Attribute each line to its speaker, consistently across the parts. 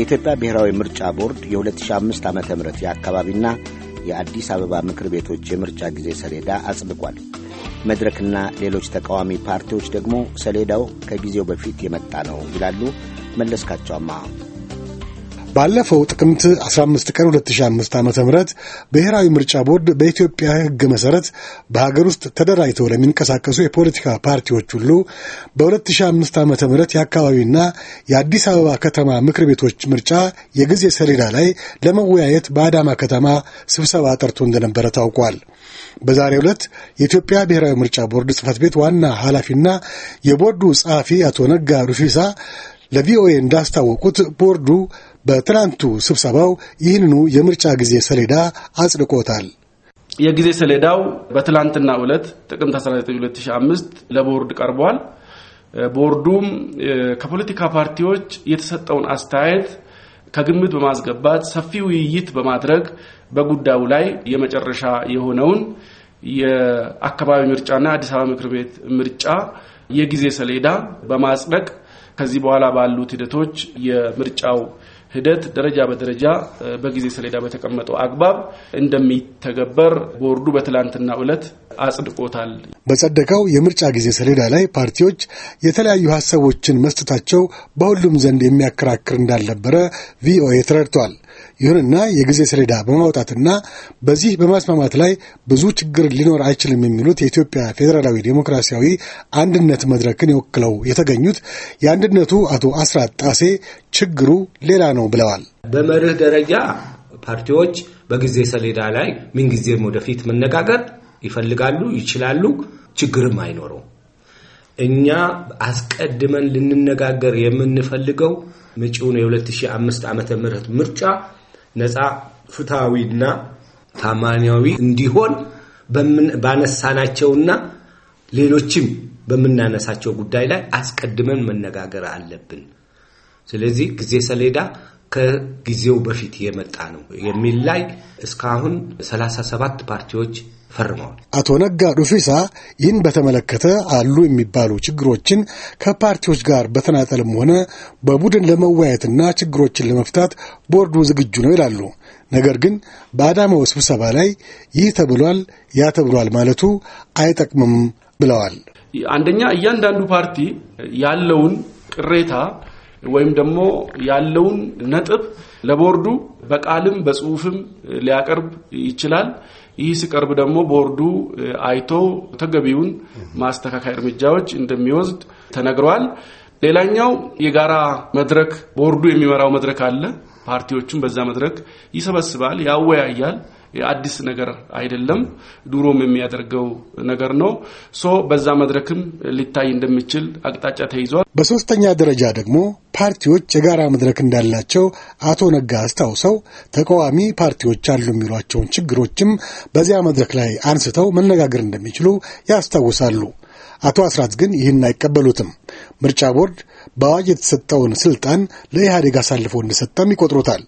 Speaker 1: የኢትዮጵያ ብሔራዊ ምርጫ ቦርድ የ2005 ዓ ም የአካባቢና የአዲስ አበባ ምክር ቤቶች የምርጫ ጊዜ ሰሌዳ አጽድቋል። መድረክና ሌሎች ተቃዋሚ ፓርቲዎች ደግሞ ሰሌዳው ከጊዜው በፊት የመጣ ነው ይላሉ። መለስካቸውማ
Speaker 2: ባለፈው ጥቅምት 15 ቀን 2005 ዓ ም ብሔራዊ ምርጫ ቦርድ በኢትዮጵያ ሕግ መሠረት በሀገር ውስጥ ተደራጅተው ለሚንቀሳቀሱ የፖለቲካ ፓርቲዎች ሁሉ በ2005 ዓ ም የአካባቢና የአዲስ አበባ ከተማ ምክር ቤቶች ምርጫ የጊዜ ሰሌዳ ላይ ለመወያየት በአዳማ ከተማ ስብሰባ ጠርቶ እንደነበረ ታውቋል። በዛሬ ዕለት የኢትዮጵያ ብሔራዊ ምርጫ ቦርድ ጽህፈት ቤት ዋና ኃላፊና የቦርዱ ጸሐፊ አቶ ነጋ ሩፊሳ ለቪኦኤ እንዳስታወቁት ቦርዱ በትናንቱ ስብሰባው ይህንኑ የምርጫ ጊዜ ሰሌዳ አጽድቆታል።
Speaker 3: የጊዜ ሰሌዳው በትላንትና ዕለት ጥቅምት 19 2005 ለቦርድ ቀርቧል። ቦርዱም ከፖለቲካ ፓርቲዎች የተሰጠውን አስተያየት ከግምት በማስገባት ሰፊ ውይይት በማድረግ በጉዳዩ ላይ የመጨረሻ የሆነውን የአካባቢ ምርጫና አዲስ አበባ ምክር ቤት ምርጫ የጊዜ ሰሌዳ በማጽደቅ ከዚህ በኋላ ባሉት ሂደቶች የምርጫው ሂደት ደረጃ በደረጃ በጊዜ ሰሌዳ በተቀመጠው አግባብ እንደሚተገበር ቦርዱ በትላንትና ዕለት አጽድቆታል።
Speaker 2: በጸደቀው የምርጫ ጊዜ ሰሌዳ ላይ ፓርቲዎች የተለያዩ ሀሳቦችን መስጠታቸው በሁሉም ዘንድ የሚያከራክር እንዳልነበረ ቪኦኤ ተረድቷል። ይሁንና የጊዜ ሰሌዳ በማውጣትና በዚህ በማስማማት ላይ ብዙ ችግር ሊኖር አይችልም የሚሉት የኢትዮጵያ ፌዴራላዊ ዴሞክራሲያዊ አንድነት መድረክን ወክለው የተገኙት የአንድነቱ አቶ አስራት ጣሴ ችግሩ ሌላ ነው ብለዋል።
Speaker 1: በመርህ ደረጃ ፓርቲዎች በጊዜ ሰሌዳ ላይ ምንጊዜም ወደፊት መነጋገር ይፈልጋሉ፣ ይችላሉ። ችግርም አይኖረው። እኛ አስቀድመን ልንነጋገር የምንፈልገው መጪውን የ2005 ዓ ምህረት ምርጫ ነፃ ፍትሐዊና ታማኒያዊ እንዲሆን ባነሳናቸውና ሌሎችም በምናነሳቸው ጉዳይ ላይ አስቀድመን መነጋገር አለብን። ስለዚህ ጊዜ ሰሌዳ ከጊዜው በፊት የመጣ ነው የሚል ላይ እስካሁን ሰላሳ ሰባት ፓርቲዎች ፈርመዋል።
Speaker 2: አቶ ነጋ ዱፊሳ ይህን በተመለከተ አሉ የሚባሉ ችግሮችን ከፓርቲዎች ጋር በተናጠልም ሆነ በቡድን ለመወያየትና ችግሮችን ለመፍታት ቦርዱ ዝግጁ ነው ይላሉ። ነገር ግን በአዳማው ስብሰባ ላይ ይህ ተብሏል፣ ያ ተብሏል ማለቱ አይጠቅምም ብለዋል።
Speaker 3: አንደኛ እያንዳንዱ ፓርቲ ያለውን ቅሬታ ወይም ደግሞ ያለውን ነጥብ ለቦርዱ በቃልም በጽሁፍም ሊያቀርብ ይችላል። ይህ ሲቀርብ ደግሞ ቦርዱ አይቶ ተገቢውን ማስተካከያ እርምጃዎች እንደሚወስድ ተነግረዋል። ሌላኛው የጋራ መድረክ ቦርዱ የሚመራው መድረክ አለ። ፓርቲዎችን በዛ መድረክ ይሰበስባል፣ ያወያያል። አዲስ ነገር አይደለም፣ ድሮም የሚያደርገው ነገር ነው። ሶ በዛ መድረክም ሊታይ እንደሚችል አቅጣጫ ተይዟል።
Speaker 2: በሶስተኛ ደረጃ ደግሞ ፓርቲዎች የጋራ መድረክ እንዳላቸው አቶ ነጋ አስታውሰው ተቃዋሚ ፓርቲዎች አሉ የሚሏቸውን ችግሮችም በዚያ መድረክ ላይ አንስተው መነጋገር እንደሚችሉ ያስታውሳሉ። አቶ አስራት ግን ይህን አይቀበሉትም። ምርጫ ቦርድ በአዋጅ የተሰጠውን ስልጣን ለኢህአዴግ አሳልፎ እንደሰጠም ይቆጥሩታል።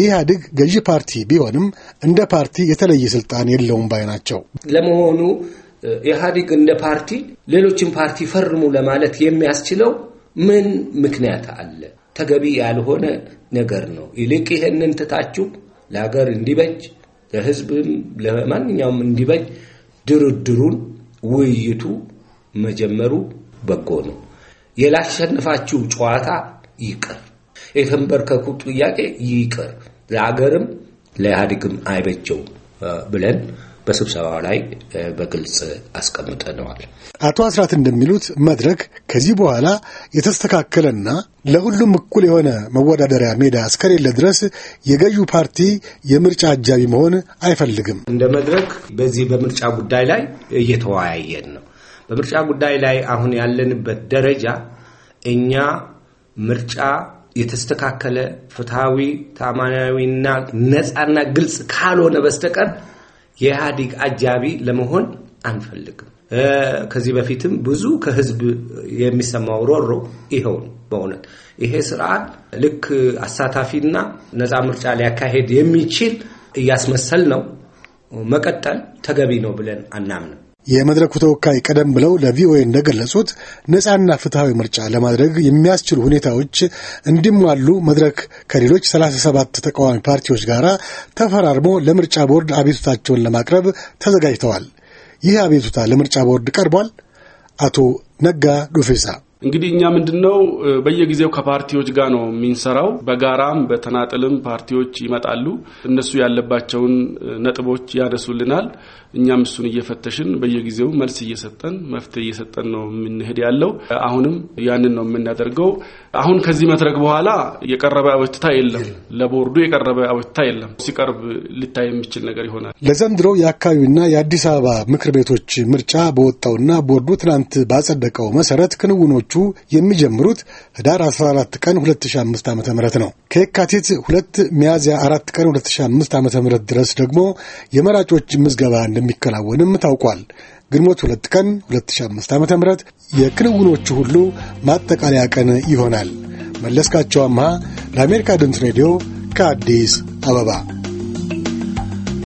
Speaker 2: ኢህአዴግ ገዢ ፓርቲ ቢሆንም እንደ ፓርቲ የተለየ ስልጣን የለውም ባይ ናቸው።
Speaker 1: ለመሆኑ ኢህአዴግ እንደ ፓርቲ ሌሎችን ፓርቲ ፈርሙ ለማለት የሚያስችለው ምን ምክንያት አለ? ተገቢ ያልሆነ ነገር ነው። ይልቅ ይህንን ትታችሁ ለሀገር እንዲበጅ ለህዝብም ለማንኛውም እንዲበጅ ድርድሩን ውይይቱ መጀመሩ በጎ ነው። የላሸነፋችሁ ጨዋታ ይቅር፣ የተንበርከኩ ጥያቄ ይቅር፣ ለሀገርም ለኢህአዴግም አይበጀው ብለን በስብሰባው ላይ በግልጽ አስቀምጠነዋል።
Speaker 2: አቶ አስራት እንደሚሉት መድረክ ከዚህ በኋላ የተስተካከለና ለሁሉም እኩል የሆነ መወዳደሪያ ሜዳ እስከሌለ ድረስ የገዢው ፓርቲ የምርጫ አጃቢ መሆን አይፈልግም። እንደ
Speaker 1: መድረክ በዚህ በምርጫ ጉዳይ ላይ እየተወያየን ነው። በምርጫ ጉዳይ ላይ አሁን ያለንበት ደረጃ እኛ ምርጫ የተስተካከለ ፍትሐዊ፣ ታማኒያዊና ነፃና ግልጽ ካልሆነ በስተቀር የኢህአዴግ አጃቢ ለመሆን አንፈልግም። ከዚህ በፊትም ብዙ ከህዝብ የሚሰማው ሮሮ ይኸው ነው። በእውነት ይሄ ስርዓት ልክ አሳታፊና ነፃ ምርጫ ሊያካሄድ የሚችል እያስመሰል ነው መቀጠል ተገቢ ነው ብለን አናምንም።
Speaker 2: የመድረኩ ተወካይ ቀደም ብለው ለቪኦኤ እንደገለጹት ነፃና ፍትሐዊ ምርጫ ለማድረግ የሚያስችሉ ሁኔታዎች እንዲሟሉ መድረክ ከሌሎች 37 ተቃዋሚ ፓርቲዎች ጋር ተፈራርሞ ለምርጫ ቦርድ አቤቱታቸውን ለማቅረብ ተዘጋጅተዋል። ይህ አቤቱታ ለምርጫ ቦርድ ቀርቧል። አቶ ነጋ ዱፌሳ
Speaker 3: እንግዲህ እኛ ምንድን ነው በየጊዜው ከፓርቲዎች ጋር ነው የምንሰራው። በጋራም በተናጥልም ፓርቲዎች ይመጣሉ። እነሱ ያለባቸውን ነጥቦች ያነሱልናል። እኛም እሱን እየፈተሽን በየጊዜው መልስ እየሰጠን መፍትሄ እየሰጠን ነው የምንሄድ ያለው። አሁንም ያንን ነው የምናደርገው። አሁን ከዚህ መድረክ በኋላ የቀረበ አቤቱታ የለም። ለቦርዱ የቀረበ አቤቱታ የለም። ሲቀርብ ልታይ የሚችል ነገር ይሆናል።
Speaker 2: ለዘንድሮ የአካባቢና የአዲስ አበባ ምክር ቤቶች ምርጫ በወጣውና ቦርዱ ትናንት ባጸደቀው መሰረት ክንውኖች ሂደቶቹ የሚጀምሩት ህዳር 14 ቀን 2005 ዓ ም ነው። ከየካቲት ሁለት ሚያዝያ አራት ቀን 2005 ዓ ም ድረስ ደግሞ የመራጮች ምዝገባ እንደሚከናወንም ታውቋል። ግንቦት ሁለት ቀን 2005 ዓ ም የክንውኖቹ ሁሉ ማጠቃለያ ቀን ይሆናል። መለስካቸው አምሃ ለአሜሪካ ድምፅ ሬዲዮ ከአዲስ አበባ